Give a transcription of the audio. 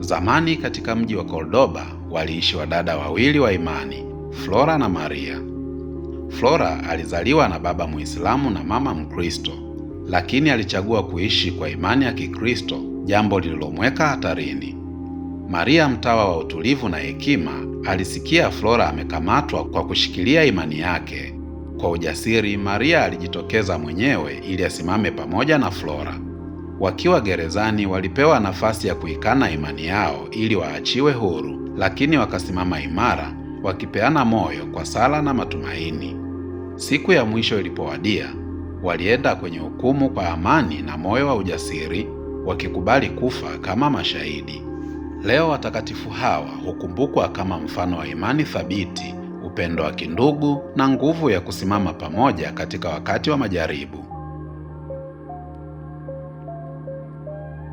Zamani katika mji wa Cordoba waliishi wadada wawili wa imani, Flora na Maria. Flora alizaliwa na baba Muislamu na mama Mkristo, lakini alichagua kuishi kwa imani ya Kikristo, jambo lililomweka hatarini. Maria, mtawa wa utulivu na hekima, alisikia Flora amekamatwa kwa kushikilia imani yake. Kwa ujasiri, Maria alijitokeza mwenyewe ili asimame pamoja na Flora. Wakiwa gerezani walipewa nafasi ya kuikana imani yao ili waachiwe huru, lakini wakasimama imara wakipeana moyo kwa sala na matumaini. Siku ya mwisho ilipowadia, walienda kwenye hukumu kwa amani na moyo wa ujasiri, wakikubali kufa kama mashahidi. Leo watakatifu hawa hukumbukwa kama mfano wa imani thabiti, upendo wa kindugu na nguvu ya kusimama pamoja katika wakati wa majaribu.